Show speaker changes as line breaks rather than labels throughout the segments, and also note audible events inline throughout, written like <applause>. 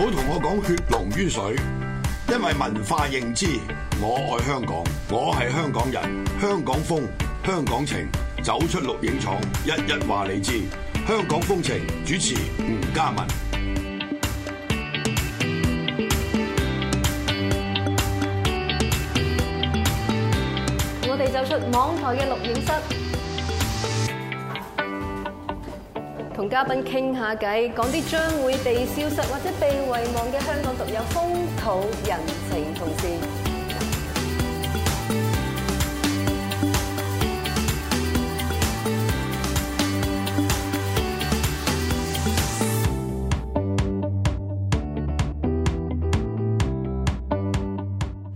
唔好同我講血濃於水，因為文化認知，我愛香港，我係香港人，香港風，香港情，走出錄影廠，一一話你知，香港風情，主持吳家文。
我哋走出網台嘅錄影室。同嘉賓傾下偈，講啲將會被消失或者被遺忘嘅香港獨有風土人情同事。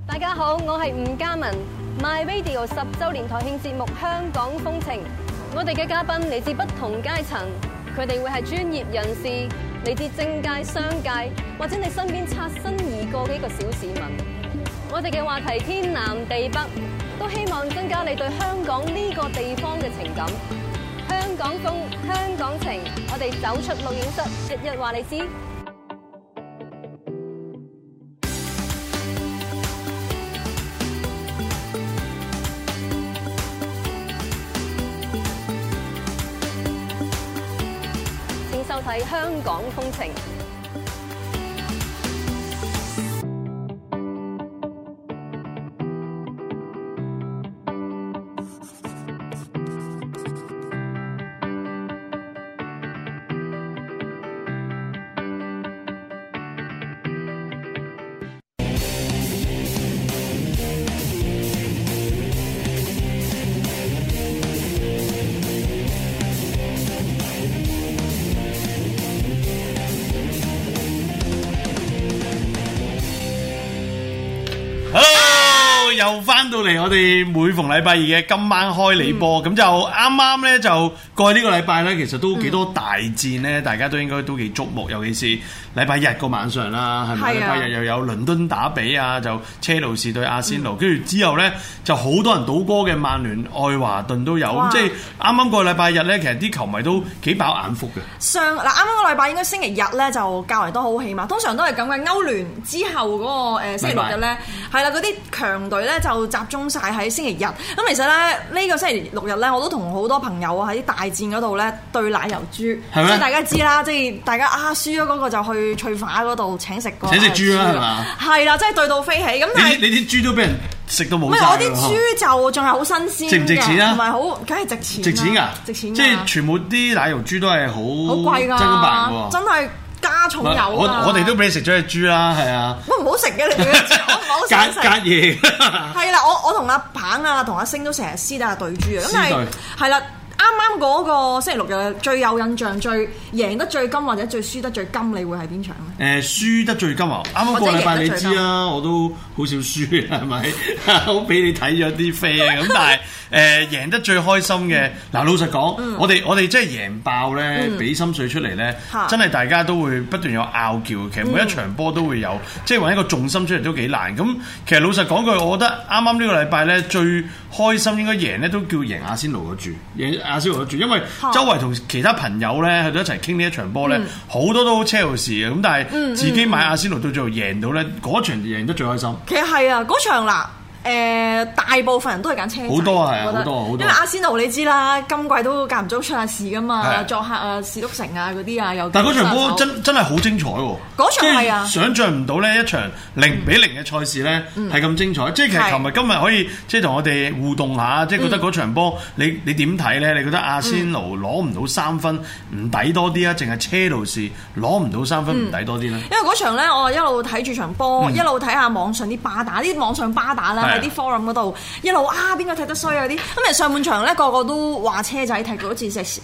大家好，我係吳嘉文，My Radio 十週年台慶節目《香港風情》。我哋嘅嘉賓嚟自不同階層。佢哋會係專業人士，嚟自政界、商界，或者你身邊擦身而過嘅一個小市民。我哋嘅話題天南地北，都希望增加你對香港呢個地方嘅情感。香港風，香港情，我哋走出錄影室，日日話你知。香港風情。
又翻到嚟，我哋每逢禮拜二嘅今晚開你波，咁、嗯、就啱啱咧就。過呢個禮拜咧，其實都幾多大戰咧，嗯、大家都應該都幾矚目，尤其是禮拜日個晚上啦，係咪？是啊、禮拜日又有倫敦打比啊，就車路士對阿仙奴，跟住、嗯、之後咧，就好多人賭波嘅。曼聯、愛華頓都有，哇即係啱啱過禮拜日咧，其實啲球迷都幾飽眼福嘅。
上嗱啱啱個禮拜應該星期日咧就較為多好戲嘛，通常都係咁嘅。歐聯之後嗰個、呃、星期六日咧係啦，嗰啲期、嗯、強隊咧就集中晒喺星期日。咁其實咧呢個星，星期六日咧，我都同好多朋友喺大。大戰嗰度咧對奶油豬，即係大家知啦，即係大家啊輸咗嗰個就去翠華嗰度請食。請食豬啦，係嘛？係啦，即係對到飛起咁。但
係你啲豬都俾人食都冇。唔係，我啲豬
就仲係好新鮮，值唔值錢呀？唔係好，梗係值錢。值錢噶？值錢，即係
全部啲奶油豬都係好，好貴噶，真
係加重油。我哋都
俾你食咗隻豬啦，係啊。
我唔好食嘅，你唔好食。介介意係啦，我我同阿棒啊，同阿星都成日私底下對豬啊，咁係係啦。啱啱嗰個星期六日最有印象、最贏得最甘或者最輸得最甘，你會係邊場
咧？誒、呃，輸得最甘啊！啱啱個禮拜你知啊，我都好少輸，係咪？我 <laughs> 俾你睇咗啲飛咁， <laughs> 但係誒、呃、贏得最開心嘅嗱，老實講、嗯，我哋我哋即係贏爆咧，俾心水出嚟咧，嗯、真係大家都會不斷有拗撬，其實、嗯、每一場波都會有，即係揾一個重心出嚟都幾難。咁其實老實講句，我覺得啱啱呢個禮拜咧最開心應該贏咧，都叫贏阿仙奴嗰注。阿仙奴都住，因為周圍同其他朋友咧，去到一齊傾呢一場波咧，好、嗯、多都好 Chelsea 嘅，咁但係自己買阿仙奴到最後贏到咧，嗰場贏得最開心。
其實係啊，嗰場啦。誒大部分人都係揀車，好多係啊，好多好多。因為阿仙奴你知啦，今季都間唔中出下事噶嘛，作客啊史篤城啊嗰啲啊，又但係嗰場波真
真係好精彩喎！
嗰場係啊，想
像唔到呢，一場零比零嘅賽事呢係咁精彩，即係其實琴日今日可以即係同我哋互動下，即係覺得嗰場波你你點睇呢？你覺得阿仙奴攞唔到三分唔抵多啲啊？淨係車路士攞唔到三分唔抵多啲呢？因
為嗰場呢，我一路睇住場波，一路睇下網上啲巴打，啲網上巴打呢。喺啲 forum 嗰度一路、um、啊，邊個踢得衰啊啲，咁咪上半場咧，個個都話車仔踢到好似食食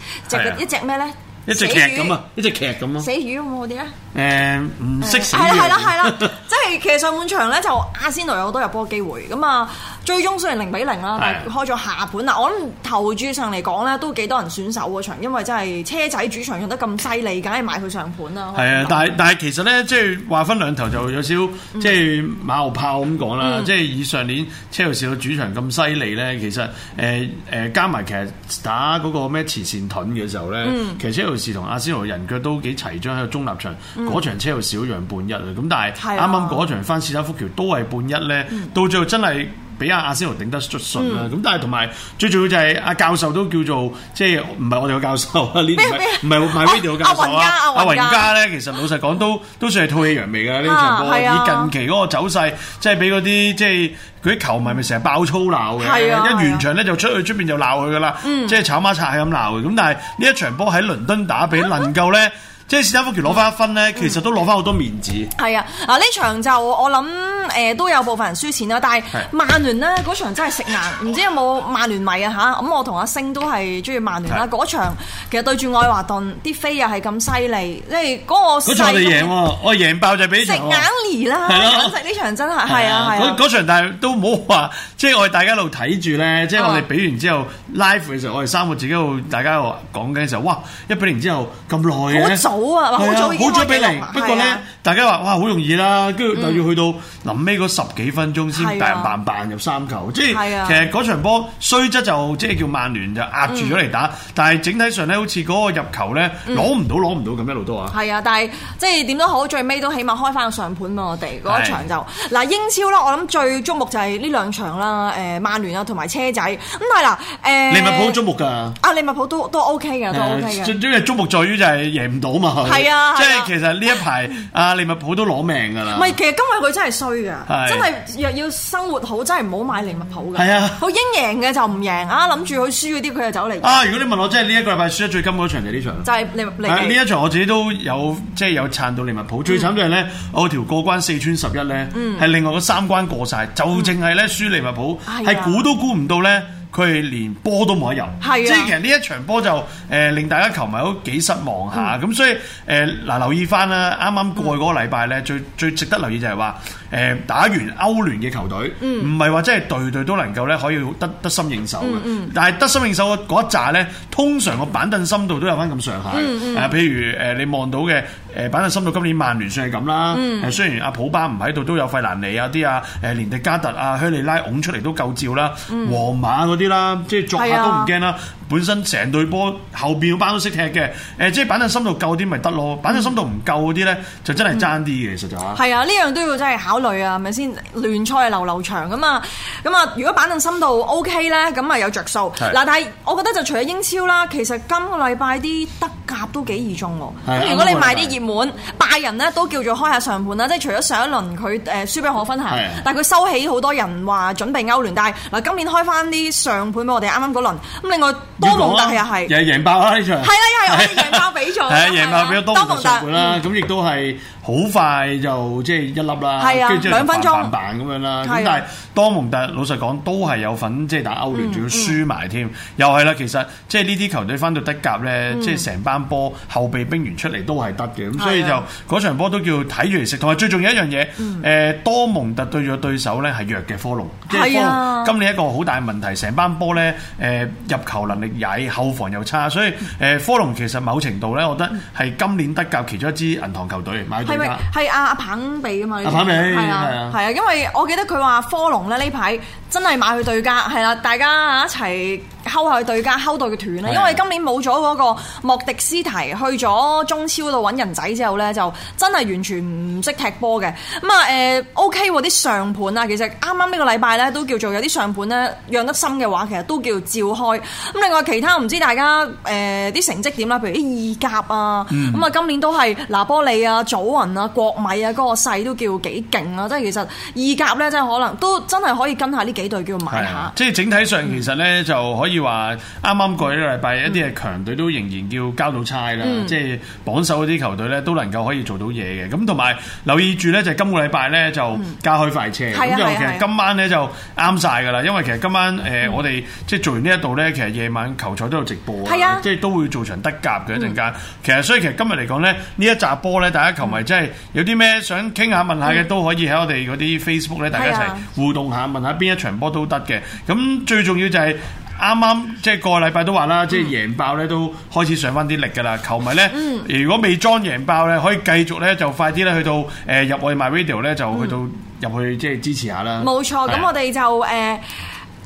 一隻咩咧？一隻劇咁啊，
一隻劇咁咯、啊。死
魚咁嗰啲啊？誒唔
識事。係啦係啦係啦，
即係、啊啊啊啊、 <laughs> 其實上半場咧就阿仙奴有好多入波機會咁啊。最終雖然零比零啦，但開咗下盤啦。是的 我諗投注上嚟講咧，都幾多人選手嗰場，因為真係車仔主場用得咁犀利，梗係買佢上盤啦。係
啊，但係但係其實咧，即係話分兩頭、嗯、就有少、嗯、即係馬後炮咁講啦。嗯、即係以上年車路士個主場咁犀利咧，其實誒誒、呃、加埋其實打嗰個咩慈善盾嘅時候咧，嗯、其實車路士同阿仙奴人腳都幾齊張喺個中立場。嗰、嗯嗯、場車路士讓半一，啊，咁但係啱啱嗰場翻史丹福橋都係半一咧，嗯、到最後真係。俾阿阿仙奴頂得出信啦，咁但係同埋最重要就係阿教授都叫做即係唔係我哋個教授啊，呢唔係唔係唔係 video 個教授啊？阿雲嘉咧，其實老實講都都算係吐氣揚眉㗎呢場波，以近期嗰個走勢，即係俾嗰啲即係佢啲球迷咪成日爆粗鬧嘅，一完場咧就出去出邊就鬧佢㗎啦，即係炒孖柴係咁鬧嘅。咁但係呢一場波喺倫敦打比能夠咧。即係斯坦福橋攞翻一分咧，其實都攞翻好多面子。
係啊，嗱呢場就我諗誒都有部分人輸錢啦，但係曼聯呢，嗰場真係食硬，唔知有冇曼聯迷啊吓？咁我同阿星都係中意曼聯啦。嗰場其實對住愛華頓啲飛又係咁犀利，即係嗰個。我哋贏
喎，我贏爆就俾。食硬
嚟啦，食呢場真係係啊係啊！
嗰場但係都冇話，即係我哋大家一路睇住咧，即係我哋比完之後 live 嘅時候，我哋三個自己喺度大家話講緊嘅時候，哇！一比零之後咁耐好啊，好早好早俾你。不過咧，大家話哇好容易啦，跟住就要去到臨尾嗰十幾分鐘先，扮扮扮入三球。即係其實嗰場波雖則就即係叫曼聯就壓住咗嚟打，但係整體上咧，好似嗰個入球咧，攞唔到攞唔到咁一路都話啊。
係啊，但係即係點都好，最尾都起碼開翻個上盤。我哋嗰場就嗱英超啦，我諗最矚目就係呢兩場啦。誒曼聯啊，同埋車仔咁係啦。誒利物浦
矚目㗎
啊，利物浦都都 OK 嘅，都 OK 嘅。最
主要係矚目在於就係贏唔到嘛。係啊，即係其實呢一排阿利物浦都攞命㗎啦。唔係，
其實今日佢真係衰㗎，真係若要生活好，真係唔好買利物浦㗎。係啊，好應贏嘅就唔贏啊，諗住佢輸嗰啲佢就走嚟。啊，如果你
問我，即係呢一個禮拜輸得最慘嗰場係呢場。就
係利物浦呢一場，
我自己都有即係有撐到利物浦。最慘嘅係咧，我條過關四串十一咧，係另外個三關過晒，就淨係咧輸利物浦，係估都估唔到咧。佢係連波都冇得入，即係其實呢一場波就誒令大家球迷都幾失望下。咁所以誒嗱留意翻啦，啱啱過去嗰個禮拜咧，最最值得留意就係話誒打完歐聯嘅球隊，唔係話即係隊隊都能夠咧可以得得心應手嘅。嗯嗯但係得心應手嗰一紮咧，通常個板凳深度都有翻咁上下嘅，譬、嗯嗯嗯、如誒你望到嘅誒板凳深度今年曼聯算係咁啦，誒雖然阿普巴唔喺度，都有費蘭尼啊啲啊，誒連迪加特啊、希利拉拱出嚟都夠照啦，皇馬啲啦，即係作下都唔驚啦。本身成隊波後邊班都識踢嘅，誒、呃，即係板凳深度夠啲咪得咯，板凳深度唔夠啲咧、嗯、就真係爭啲嘅，其實就係。係
啊，呢樣都要真係考慮啊，係咪先？聯賽係流流長㗎嘛，咁啊，啊，如果板凳深度 OK 咧，咁是的 啊有着數。嗱，但係我覺得就除咗英超啦，其實今個禮拜啲德甲都幾易中喎、啊。咁的如果你買啲熱門拜仁呢都叫做開下上盤啦，即係除咗上一輪佢誒輸俾可分係是的，但係佢收起好多人話準備歐聯，但係嗱、呃、今年開返啲上盤俾我哋啱啱嗰輪，咁另外。另外多蒙特又係又係
贏爆啦呢 <laughs> 場，係啦、
啊，又係我哋贏爆比賽，係贏爆比多蒙特啦，
咁亦都係。嗯好快就即係一粒啦，跟住、啊、即係兩分半咁樣啦。咁、啊、但係多蒙特老實講都係有份即係打歐聯仲、嗯、要輸埋添，嗯、又係啦。其實即係呢啲球隊翻到德甲咧，嗯、即係成班波後備兵員出嚟都係得嘅。咁、啊、所以就嗰場波都叫睇住嚟食。同埋最重要一樣嘢，誒、嗯、多蒙特對住對手咧係弱嘅科隆，啊、即係科隆今年一個好大問題，成班波咧誒入球能力曳，後防又差，所以誒、呃、科隆其實某程度咧，我覺得係今年德甲其中一支銀行球隊。嚟買
係阿阿棒鼻啊嘛，阿棒係啊，係啊，係比啊，因為我記得佢話科隆咧呢排真係買去對家係啦、啊，大家一齊敲下佢對家，敲到佢斷啦。是啊、因為今年冇咗嗰個莫迪斯提去咗中超度揾人仔之後咧，就真係完全唔識踢波嘅。咁、嗯 okay、啊誒，OK 啲上盤啊，其實啱啱呢個禮拜咧都叫做有啲上盤咧讓得深嘅話，其實都叫照開。咁另外其他唔知大家誒啲、呃、成績點啦，譬如啲意甲啊，咁啊、嗯、今年都係拿波利啊、祖雲。啦，國米啊，嗰個勢都叫幾勁啦！即係其實意甲咧，真係可能都真係可以跟下呢幾隊叫埋下。即
係整體上其實咧就可以話，啱啱過一個禮拜，一啲嘅強隊都仍然叫交到差啦。即係榜首嗰啲球隊咧都能夠可以做到嘢嘅。咁同埋留意住咧，就今個禮拜咧就加開快車。咁就其實今晚咧就啱晒噶啦，因為其實今晚誒我哋即係做完呢一度咧，其實夜晚球賽都有直播啊，即係都會做成德甲嘅一陣間。其實所以其實今日嚟講咧，呢一集波咧，大家球迷。即係有啲咩想傾下問下嘅、mm. 都可以喺我哋嗰啲 Facebook 咧，mm. 大家一齊互動下，問下邊一場波都得嘅。咁最重要就係啱啱即係個禮拜都話啦，即係、mm. 贏爆咧都開始上返啲力噶啦。球迷咧，如果未裝贏爆咧，可以繼續咧就快啲咧去到誒、呃、入 MyRadio 咧就去到入、mm. 去即係支持下啦。冇錯，咁的我哋
就誒。呃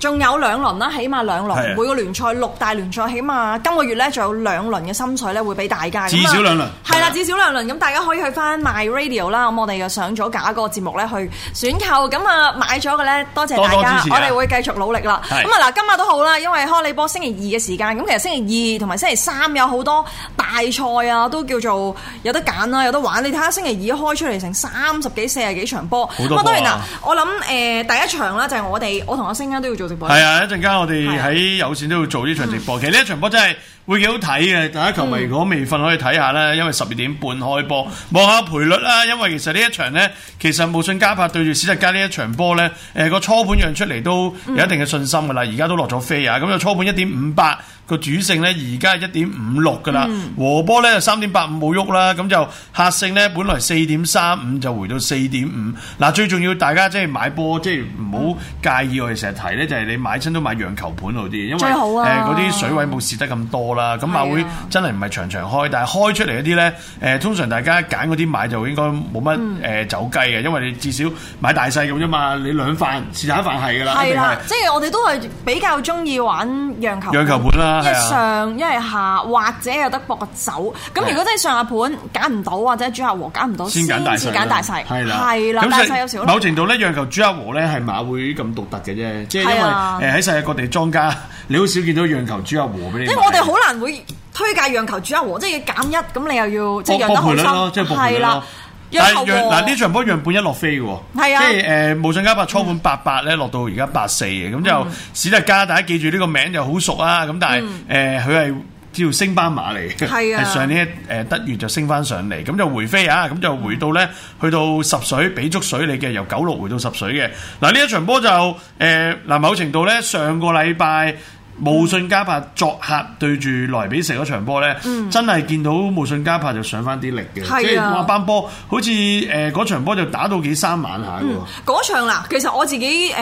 仲有兩輪啦，起碼兩輪，的每個聯賽六大聯賽起碼，今個月咧仲有兩輪嘅心水咧會俾大家。至少兩輪。係啦，至少兩輪，咁大家可以去翻 My Radio 啦。咁我哋又上咗假個節目咧去選購。咁啊買咗嘅咧，多謝大家。多多啊、我哋會繼續努力啦。咁啊嗱，今日都好啦，因為開你波星期二嘅時間，咁其實星期二同埋星期三有好多大賽啊，都叫做有得揀啦，有得玩。你睇下星期二開出嚟成三十幾、四十幾場波。咁當然啦，我諗誒第一場啦，就係我哋我同阿星啊都要做。係啊！一
陣間我哋喺有線都會做呢場直播。的其實呢一場波真係。會幾好睇嘅，大家球迷如果未瞓可以睇下啦，嗯、因為十二點半開波，望下賠率啦。因為其實呢一場呢，其實無信加柏對住史特加呢一場波呢，誒個初盤讓出嚟都有一定嘅信心噶啦。而家、嗯、都落咗飛啊，咁就初盤一點五八個主勝56、嗯、呢而家一點五六噶啦。和波呢就三點八五冇喐啦，咁就客勝呢，本來四點三五就回到四點五。嗱，最重要大家即係買波，即係唔好介意我哋成日提呢，就係、是、你買親都買讓球盤好啲，因為誒嗰啲水位冇蝕得咁多。啦，咁馬會真係唔係場場開，但係開出嚟一啲咧，誒通常大家揀嗰啲買就應該冇乜誒走雞嘅，因為你至少買大細咁啫嘛，你兩飯是但一飯係噶啦，係啦，即係、
就是、我哋都係比較中意玩讓球讓球盤啦，一上一係下，或者有得搏個走，咁的如果真係上下盤揀唔到或者主客和揀唔到，先揀大細，先揀大細，係啦，係啦，大細某程
度咧讓球主客和咧係馬會咁獨特嘅啫，即係因為誒喺世界各地莊家你好少見到讓球主客和俾你，即我哋
好可會推介讓球主一和，即係要減一，咁你又要即係讓得賠率咯，即係賠率係
啦，讓嗱呢場波讓半一落飛嘅喎。係啊，即係誒，無信加八初盤八八咧，落到而家八四嘅，咁就史特加，大家記住呢個名就好熟啊。咁但係誒，佢係叫星斑馬嚟嘅，係啊。上年誒得月就升翻上嚟，咁就回飛啊，咁就回到咧，去到十水，俾足水你嘅，由九六回到十水嘅。嗱呢一場波就誒嗱，某程度咧上個禮拜。慕、嗯、遜加柏作客對住萊比錫嗰場波咧，嗯、真係見到慕遜加柏就上翻啲力嘅。啊、即係嗰班波好似誒，嗰場波就打到幾三萬下
嗰、嗯、場嗱，其實我自己誒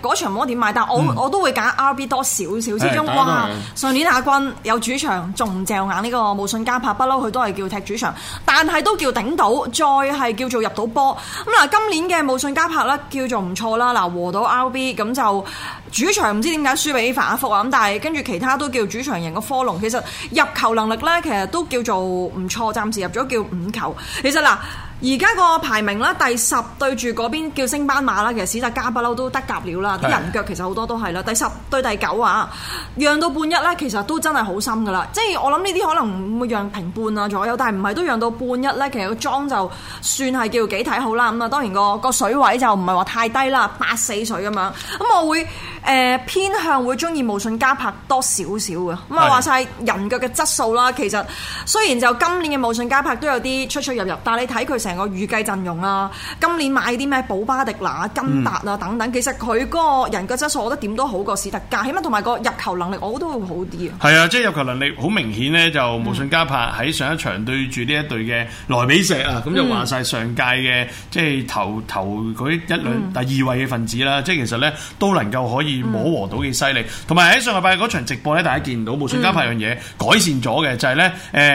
嗰、呃、場波點買，但我、嗯、我都會揀 R B 多少少之中，哇！上年亞軍有主場仲唔嚼硬呢個慕遜加柏，不嬲佢都係叫踢主場，但係都叫頂到，再係叫做入到波。咁嗱，今年嘅慕遜加柏咧叫做唔錯啦，嗱和到 R B，咁就主場唔知點解輸俾法蘭克福啊！但係跟住其他都叫主場型個科隆，其實入球能力呢，其實都叫做唔錯，暫時入咗叫五球。其實嗱。而家個排名啦，第十對住嗰邊叫星斑馬啦，其實史特加不嬲都得夾料啦，啲是的 人腳其實好多都係啦。第十對第九啊，讓到半一呢，其實都真係好深噶啦。即係我諗呢啲可能會讓平半啊左右，但係唔係都讓到半一呢？其實個裝就算係叫幾睇好啦。咁啊，當然個個水位就唔係話太低啦，八四水咁樣。咁我會誒、呃、偏向會中意慕遜加柏多少少嘅。咁啊是的 話晒人腳嘅質素啦，其實雖然就今年嘅慕遜加柏都有啲出出入入，但係你睇佢。成個預計陣容啊，今年買啲咩保巴迪拿、金達啊等等，其實佢個人嘅質素，我覺得點都好過史特加，起碼同埋個入球能力，我都會好啲啊。係啊，
即、就、係、是、入球能力好明顯咧，就慕遜加柏喺上一場對住呢一隊嘅萊比錫啊，咁就話晒上屆嘅即係頭頭嗰一兩第、嗯、二位嘅分子啦、啊。即、就、係、是、其實咧都能夠可以磨和到幾犀利。同埋喺上個禮拜嗰場直播咧，大家見到慕遜加柏樣嘢改善咗嘅，嗯、就係咧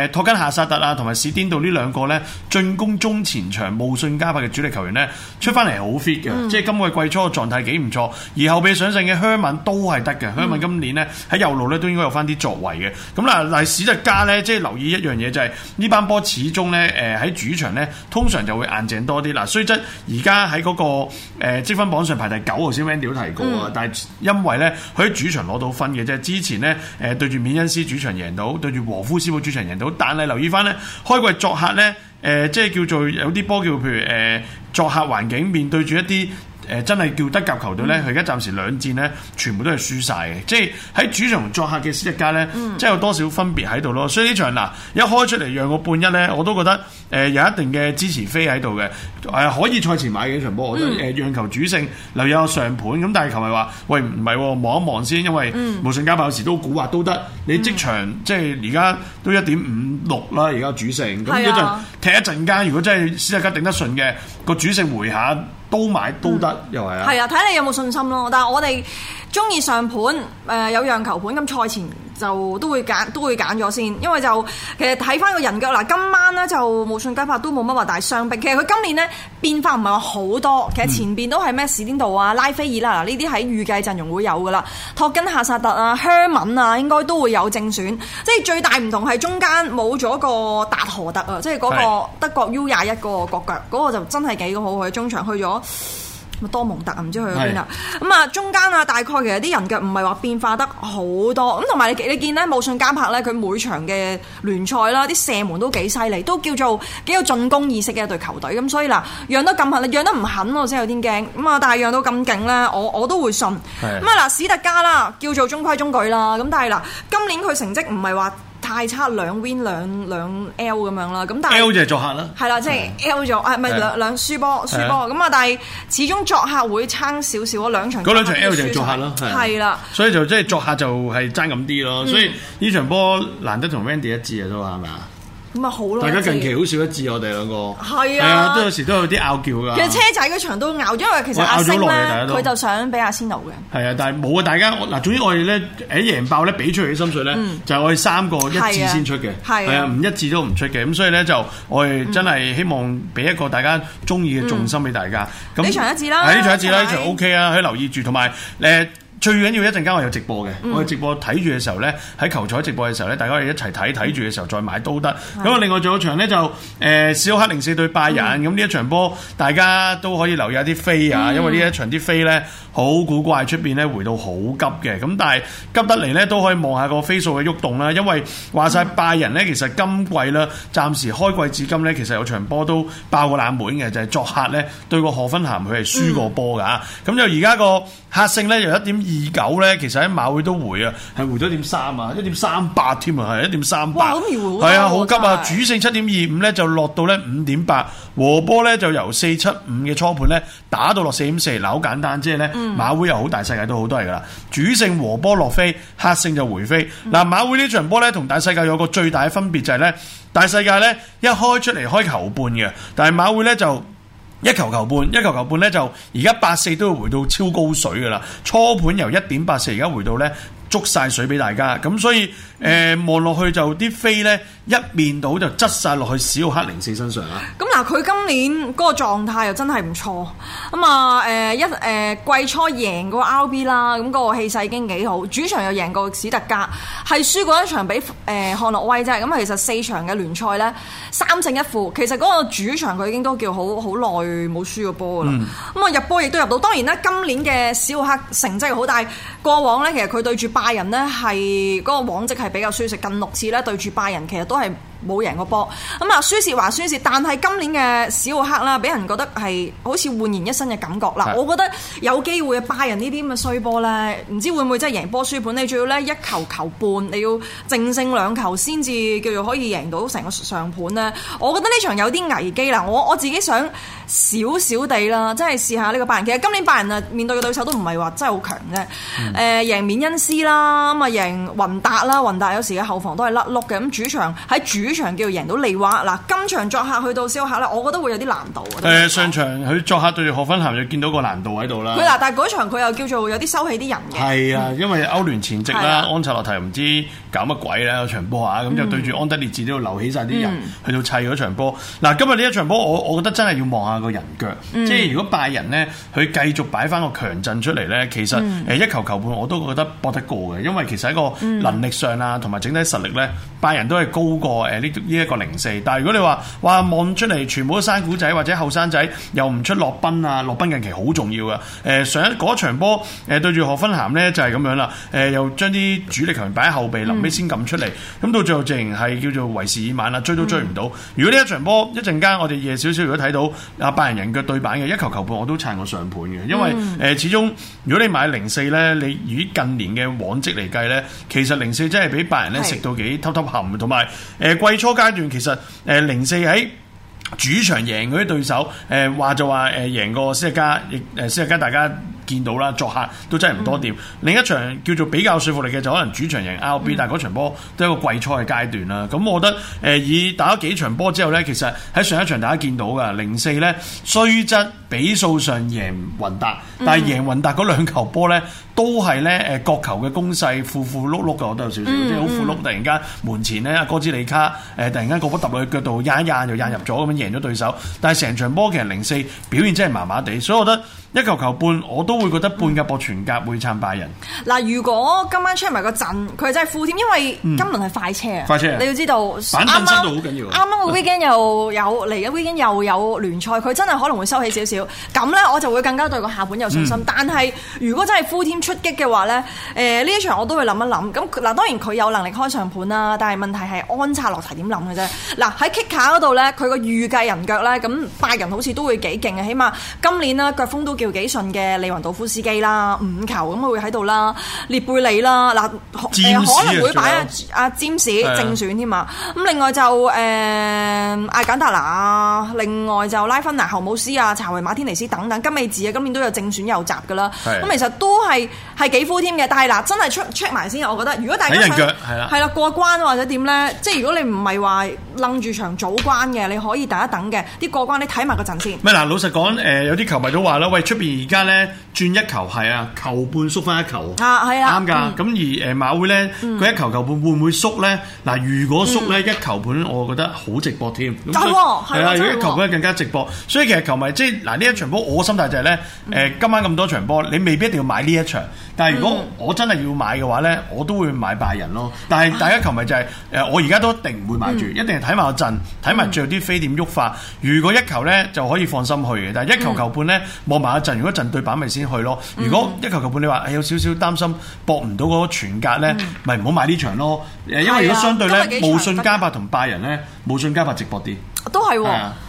誒托根夏薩特啊，同埋史甸度呢兩個咧進攻中。前場無信加派嘅主力球員咧出翻嚟好 fit 嘅，即係今季季初嘅狀態幾唔錯。而後備上陣嘅香敏都係得嘅，香敏今年咧喺右路咧都應該有翻啲作為嘅。咁啦，嗱，史特加咧，即係留意一樣嘢就係呢班波始終咧，誒喺主場咧通常就會硬淨多啲。嗱，雖則而家喺嗰個誒積分榜上排第九，頭先 Wendy 都提高啊，但係因為咧佢喺主場攞到分嘅即係。之前咧誒對住緬因斯主場贏到，對住和夫斯堡主場贏到，但係你留意翻咧開季作客咧。誒、呃，即係叫做有啲波叫，譬如誒、呃，作客環境面對住一啲。誒真係叫德甲球隊咧，佢而家暫時兩戰咧全部都係輸晒嘅，即係喺主場同作客嘅斯一加咧，即係、嗯、有多少分別喺度咯？所以呢場嗱一開出嚟讓個半一咧，我都覺得誒、呃、有一定嘅支持飛喺度嘅，係、呃、可以賽前買呢場波，我覺得誒、嗯、讓球主勝留有上盤。咁但係球迷話：喂，唔係喎，望一望先，因為無信加碼有時都古惑都得。你場、嗯、即場即係而家都一點五六啦，而家主勝咁一陣踢一陣間，如果真係斯一加頂得順嘅，個主勝回下。都買都得，嗯、又係
啊！係啊，睇下你有冇信心咯。但係我哋。中意上盤，誒、呃、有讓球盤咁賽前就都會揀，都會揀咗先，因為就其實睇翻個人腳嗱，今晚呢就無信加法都冇乜話大傷病，其實佢今年呢變化唔係話好多，其實前邊都係咩史丁度啊、拉菲爾啦，嗱呢啲喺預計陣容會有噶啦，托根夏薩特啊、香敏啊，應該都會有正選，即係最大唔同係中間冇咗個達荷特啊，是的 即係嗰個德國 U 廿一個國腳，嗰、嗰個就真係幾好喎，中場去咗。多蒙特唔知去咗邊啦。咁啊，中間啊，大概其實啲人腳唔係話變化得好多。咁同埋你你見咧武信監拍咧，佢每場嘅聯賽啦，啲射門都幾犀利，都叫做幾有進攻意識嘅一隊球隊。咁所以嗱，讓得咁狠，你讓得唔狠我真係有啲驚。咁啊，但係讓到咁勁咧，我我都會信。咁啊嗱，史特加啦，叫做中規中矩啦。咁但係嗱，今年佢成績唔係話。大差兩 Win 兩兩 L 咁樣啦，咁但係 L 就係作客啦，係啦，即係 L 作啊，唔係是的 兩兩,兩輸波輸波咁啊，是的 但係始終作客會差少少啊，兩場嗰兩場 L 就係作客
咯，係啦，所以就即係、就是、作客就係爭咁啲咯，嗯、所以呢場波難得同 Wendy 一致啊，都話係咪？咁啊，好耐！大家近期好少一致，我哋兩個係啊，都有時都有啲拗撬㗎。其實車
仔嗰場都拗咗，因為其實阿星咧，佢就想俾阿仙奴
嘅。係啊，但係冇啊！大家嗱，總之我哋咧喺贏爆咧，俾出嚟嘅心水咧，就係我哋三個一致先出嘅，係啊，唔一致都唔出嘅。咁所以咧，就我哋真係希望俾一個大家中意嘅重心俾大家。呢場一致啦，係呢場一致啦，咧就 OK 啊，可以留意住，同埋誒。最緊要一陣間我有直播嘅，嗯、我嘅直播睇住嘅時候呢，喺球彩直播嘅時候呢，大家一齊睇睇住嘅時候再買都得。咁啊的，另外仲有場呢，就誒、呃、小黑零四對拜仁，咁呢、嗯、一場波大家都可以留意一下啲飛啊，嗯、因為呢一場啲飛呢，好古怪，出邊呢，回到好急嘅。咁但係急得嚟呢，都可以望下個飛數嘅喐動啦，因為話晒拜仁呢，其實今季啦，暫時開季至今呢，其實有場波都爆過冷門嘅，就係、是、作客呢，對個荷芬咸佢係輸過波㗎。咁、嗯、就而家個客勝呢，有一點。二九咧，29, 其實喺馬會都回,回啊，係回咗點三啊，一點三八添啊，係一點三八，係啊，好急啊！啊主勝七點二五咧，就落到咧五點八，和波咧就由四七五嘅初盤咧打到落四點四，嗱，好簡單，即係咧馬會又好大世界都好多嘢噶啦，主勝和波落飛，黑勝就回飛。嗱、嗯，馬會呢場波咧同大世界有個最大嘅分別就係咧，大世界咧一開出嚟開球半嘅，但係馬會咧就。一球球半，一球球半呢，就而家八四都要回到超高水噶啦，初盤由一點八四而家回到呢，捉晒水俾大家，咁所以。誒望落去就啲飛咧，一面倒就擠晒落去史浩克零四身上啦。
咁嗱，佢今年個狀態又真係唔錯，咁啊，誒一誒季初贏過 R.B. 啦，咁個氣勢已經幾好。主場又贏過史特加，係輸過一場俾誒、呃、漢諾威啫。咁其實四場嘅聯賽咧，三勝一負，其實個主場佢已經都叫好好耐冇輸過波㗎啦。咁啊、嗯、入波亦都入到。當然啦，今年嘅史浩克成績好，但，過往咧其實佢對住拜仁咧係個往績係。比較舒適近六次咧，對住拜仁，其實都係。冇贏個波，咁啊輸蝕話輸蝕，但係今年嘅小奧克啦，俾人覺得係好似煥然一新嘅感覺啦。是的 我覺得有機會拜仁呢啲咁嘅衰波咧，唔知會唔會真係贏波輸盤？你仲要咧一球球半，你要淨勝兩球先至叫做可以贏到成個上盤咧。我覺得呢場有啲危機啦。我我自己想少少地啦，真係試下呢個拜仁。其實今年拜仁啊面對嘅對手都唔係話真係好強嘅，誒、嗯呃、贏緬恩斯啦，咁啊贏雲達啦，雲達有時嘅後防都係甩碌嘅。咁主場喺主主場叫做贏到嚟話嗱，今場作客去到消下咧，我覺得會有啲難度。
誒，上場佢作客對住荷芬咸，就見到個難度喺度啦。佢嗱，
但係嗰場佢又叫做有啲收起啲人嘅。係啊，因
為歐聯前夕啦，嗯、安察洛提唔知。搞乜鬼啦？嗰場波啊，咁就對住安德烈治都要留起晒啲人，嗯、去到砌嗰場波。嗱，今日呢一場波，我我覺得真係要望下個人腳。嗯、即係如果拜仁呢，佢繼續擺翻個強陣出嚟呢，其實誒一球球半我都覺得博得過嘅，因為其實喺個能力上啊，同埋、嗯、整體實力呢。拜仁都係高過誒呢呢一個零四。但係如果你話話望出嚟全部都生股仔或者後生仔，又唔出落賓啊，落賓近期好重要嘅。誒、呃、上一嗰場波誒對住何芬涵呢，就係、是、咁樣啦。誒、呃、又將啲主力球員擺喺後備俾先撳出嚟，咁到最後淨係叫做為時已晚啦，追都追唔到。如果呢一場波一陣間我哋夜少少，如果睇到阿拜仁人腳對板嘅一球球盤我都撐我上盤嘅，因為誒、嗯、始終如果你買零四咧，你以近年嘅往績嚟計咧，其實零四真係俾拜仁咧食到幾偷偷含，同埋誒季初階段其實誒零四喺主場贏嗰啲對手，誒話就話誒贏過史特加，亦誒史特加大家。見到啦，作客都真係唔多掂。嗯、另一場叫做比較説服力嘅就可能主場贏 LB、嗯、但係嗰場波都係個季賽嘅階段啦。咁我覺得誒、呃，以打咗幾場波之後呢，其實喺上一場大家見到嘅零四呢，雖則，比數上贏雲達，但係贏雲達嗰兩球波咧，都係咧誒角球嘅攻勢，符符碌碌嘅，我都有少少，即係好符碌。突然間門前咧，阿哥斯利卡誒突然間個波揼落去腳度，掗一掗就掗入咗，咁樣贏咗對手。但係成場波其實零四表現真係麻麻地，所以我覺得一球球半我都會覺得半格博全格會撐拜仁。
嗱、嗯，嗯、如果今晚出埋個陣，佢真係負添，因為今輪係快車啊！快車、嗯、你要知道，板凳深度好緊要。啱啱個 weekend <laughs> 又有嚟，個 weekend 又，又，又有聯賽，佢真係可能會收起少少。咁呢，我就會更加對個下盤有信心。嗯、但係如果真係 full team 出擊嘅話呢，誒呢一場我都會諗一諗。咁嗱，當然佢有能力開上盤啦，但係問題係安查洛提點諗嘅啫。嗱喺 Kicker 嗰度呢，佢個預計人腳呢，咁拜仁好似都會幾勁嘅，起碼今年呢，腳風都叫幾順嘅利雲道夫斯基啦，五球咁會喺度啦，列貝利啦，嗱有、啊、可能會擺阿詹士正選添嘛。咁、啊、另外就誒、啊、阿簡達拿，另外就拉芬娜侯姆斯啊，查維馬。天尼斯等等，金美智啊，今年都有正選右閘噶啦。咁其實都係係幾寬添嘅。但係嗱，真係出 check 埋先。我覺得如果大家想係啦，係啦過關或者點咧，即係如果你唔係話楞住牆早關嘅，你可以等一等嘅。啲過關你睇埋個陣先。
咩嗱？老實講，誒，有啲球迷都話啦，喂，出邊而家咧轉一球係啊，球半縮翻一球啊，係啊，啱噶。咁而誒馬會咧，佢一球球半會唔會縮咧？嗱，如果縮咧一球半，我覺得好直播添。係啊，如果一球半更加直播，所以其實球迷即係嗱。呢一場波我心態就係、是、咧，誒、呃、今晚咁多場波，你未必一定要買呢一場。但係如果我真係要買嘅話咧，我都會買拜仁咯。但係大家球迷就係、是、誒唉、呃，我而家都一定唔會買住，嗯、一定係睇埋個陣，睇埋最後啲飛點喐法。如果一球咧就可以放心去嘅，但係一球球半咧望埋一陣。如果陣對板咪先去咯。如果一球球半你話、哎、有少少擔心博唔到嗰個全格咧，咪唔好買呢場咯。誒，因為如果相對咧，無信加柏同拜仁咧，無信加柏直播啲。都係，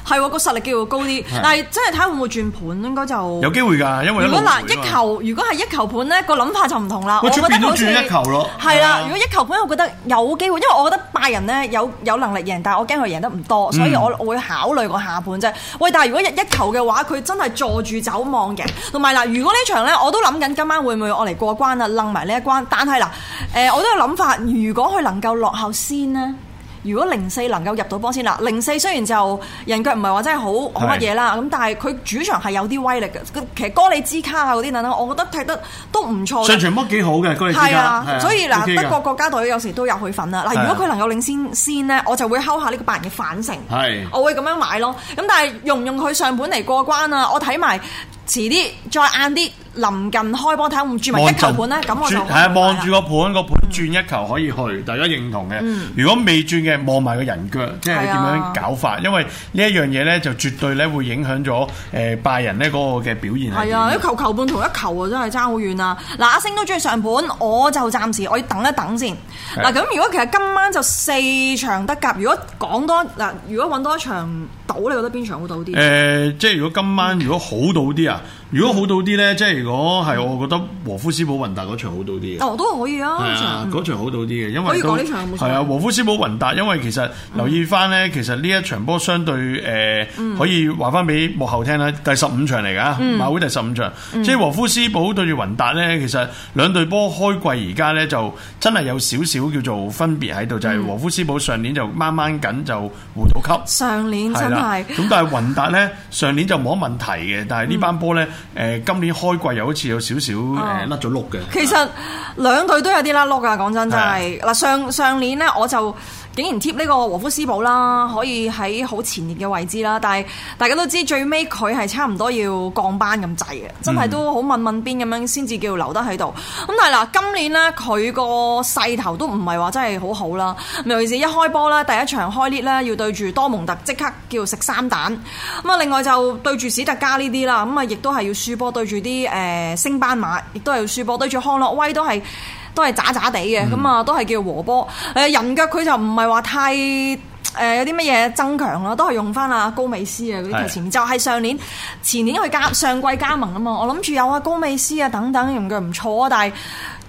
係喎個實力叫做高啲，啊、但係真係睇下會唔會轉盤，應該就有機會㗎。因為如果嗱一球，如果係一球盤咧，個諗法就唔同啦。一球我覺得好似係啦。如果一球盤，我覺得有機會，因為我覺得拜仁咧有有能力贏，但係我驚佢贏得唔多，所以我我會考慮個下盤啫。喂，但係如果一球嘅話，佢真係坐住走望嘅。同埋嗱，如果呢場咧，我都諗緊今晚會唔會我嚟過關啊，掕埋呢一關。但係嗱、啊，誒我都有諗法，如果佢能夠落後先呢。如果零四能夠入到波先啦，零四雖然就人腳唔係話真係好乜嘢啦，咁是的 但係佢主場係有啲威力嘅。其實哥里茲卡啊，嗰啲等等，我覺得踢得都唔錯。上場波
幾好嘅的哥里茲卡，所以嗱 okay 的 德國國
家隊有時都有佢份啦。嗱，如果佢能夠領先先呢，是的 我就會敲下呢個白人嘅反省。係，是的 我會咁樣買咯。咁但係用唔用佢上盤嚟過關啊，我睇埋遲啲再晏啲。臨近開波睇下，我唔轉埋一球盤咧，咁我就係啊，
望住個盤，個盤轉一球可以去，大家認同嘅。嗯、如果未轉嘅，望埋個人腳，嗯、即係點樣搞法？因為呢一樣嘢咧，就絕對咧會影響咗誒拜仁呢嗰個嘅表現係。啊，一
球球半同一球啊，真係差好遠啊！嗱，阿聲都中意上盤，我就暫時我要等一等先。嗱是，咁、啊、如果其實今晚就四場得夾，如果講多嗱、呃，如果揾多一場賭，你覺得邊場好賭啲？誒、呃，
即係如果今晚如果好到啲啊？嗯如果好到啲咧，即係如果係，我覺得和夫斯堡雲達嗰場好到啲啊！哦，都
可以啊，
嗰的、嗯、場好到啲嘅，因為呢場冇錯。係啊，和夫斯堡雲達，因為其實、嗯、留意翻咧，其實呢一場波相對誒，呃嗯、可以話翻俾幕後聽啦。第十五場嚟噶，嗯、馬會第十五場，嗯、即係和夫斯堡對住雲達咧，其實兩隊波開季而家咧就真係有少少叫做分別喺度、嗯，就係和夫斯堡上年就掹掹緊就護到級，上年真係。咁但係雲達咧，上年就冇乜問題嘅，但係呢班波咧。誒、呃、今年開季又好似有少少誒甩咗碌嘅，呃呃、
其實兩隊對 都有啲甩碌噶，講真真係嗱上上年咧我就。竟然 tip 呢個和夫斯堡啦，可以喺好前列嘅位置啦，但係大家都知最尾佢係差唔多要降班咁滯嘅，真係都好問問邊咁樣先至叫留得喺度。咁但係嗱，今年呢，佢個勢頭都唔係話真係好好啦。尤其是一開波咧，第一場開 lift 咧要對住多蒙特即刻叫食三蛋。咁啊，另外就對住史特加呢啲啦，咁啊亦都係要輸波對住啲誒星斑馬，亦都係要輸波對住康諾威都係。都係渣渣地嘅，咁啊、嗯、都係叫和波，誒人腳佢就唔係話太誒、呃、有啲乜嘢增強咯，都係用翻阿是的、啊、高美斯啊嗰啲提前就係上年前年佢加上季加盟啊嘛，我諗住有啊高美斯啊等等用腳唔錯啊，但係。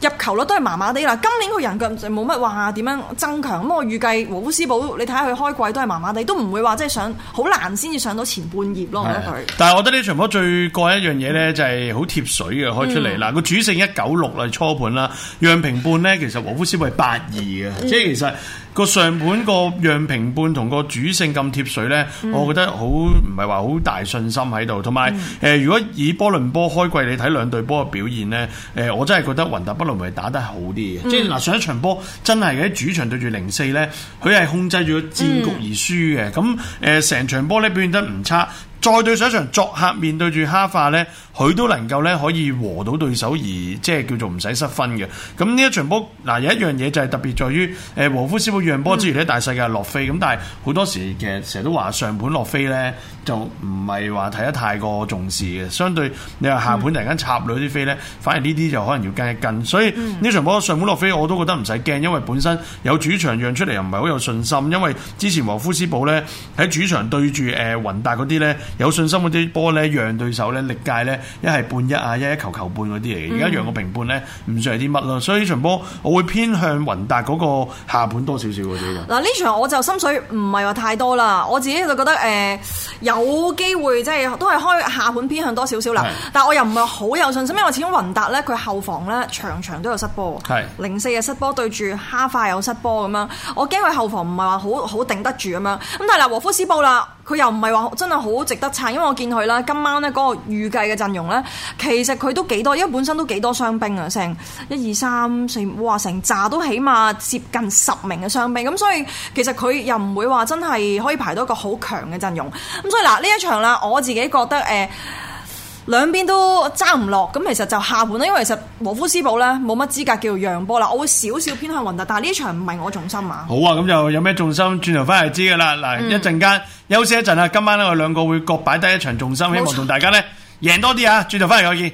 入球率都係麻麻地啦，今年佢人腳冇乜話點樣增強，咁我預計和夫斯堡，你睇下佢開季都係麻麻地，都唔會話即係想好難先至上到前半頁咯，的我覺得佢。
但係我覺得呢場波最過一樣嘢咧，就係好貼水嘅開出嚟啦，個、嗯、主勝一九六啦初盤啦，讓平半咧其實和夫斯堡係八二嘅，即係其實。個上盤個讓平半同個主勝咁貼水呢，我覺得好唔係話好大信心喺度。同埋誒，如果以波倫波開季你睇兩隊波嘅表現呢，誒、呃，我真係覺得雲達不倫瑞打得好啲嘅。即係嗱，上一場波真係喺主場對住零四呢，佢係控制住戰局而輸嘅。咁誒、嗯，成、呃、場波呢表現得唔差。再對上一場作客面對住哈法呢。佢都能夠咧，可以和到對手，而即係叫做唔使失分嘅。咁呢一場波，嗱，有一樣嘢就係特別在於，誒、呃，和夫斯堡讓波之餘咧，嗯、大世界落飛。咁但係好多時其實成日都話上盤落飛咧，就唔係話睇得太過重視嘅。相對你話下盤突然間插咗啲飛咧，嗯、反而呢啲就可能要跟一跟。所以呢、嗯、場波上盤落飛，我都覺得唔使驚，因為本身有主場讓出嚟又唔係好有信心。因為之前和夫斯堡咧喺主場對住誒、呃、雲達嗰啲咧，有信心嗰啲波咧，讓對手咧力界咧。呢一係半一啊，一一球球半嗰啲嚟嘅，而家讓個平半咧，唔算係啲乜咯。所以呢場波，我會偏向雲達嗰個下盤多少少嗰啲。嗱呢
場我就心水唔係話太多啦，我自己就覺得誒、呃、有機會即、就、係、是、都係開下盤偏向多少少啦。是但係我又唔係好有信心，因為始終雲達咧佢後防咧場場都有失波，零四嘅失波對住哈快有失波咁樣，我驚佢後防唔係話好好頂得住咁樣。咁但係嗱，禾夫斯堡啦。佢又唔係話真係好值得撐，因為我見佢啦，今晚呢嗰個預計嘅陣容呢，其實佢都幾多，因為本身都幾多傷兵啊，成一二三四，哇，成扎都起碼接近十名嘅傷兵，咁所以其實佢又唔會話真係可以排到一個好強嘅陣容，咁所以嗱呢一場啦，我自己覺得誒。呃兩邊都爭唔落，咁其實就下盤啦。因為其實和夫斯堡咧冇乜資格叫做讓波啦，我會少少偏向雲達，但係呢場唔係我重心啊。
好啊，咁就有咩重心？轉頭翻嚟知噶啦。嗱，一陣間休息一陣啊，今晚咧我哋兩個會各擺低一場重心，沒錯 希望同大家咧贏多啲啊。轉頭翻嚟有嘢。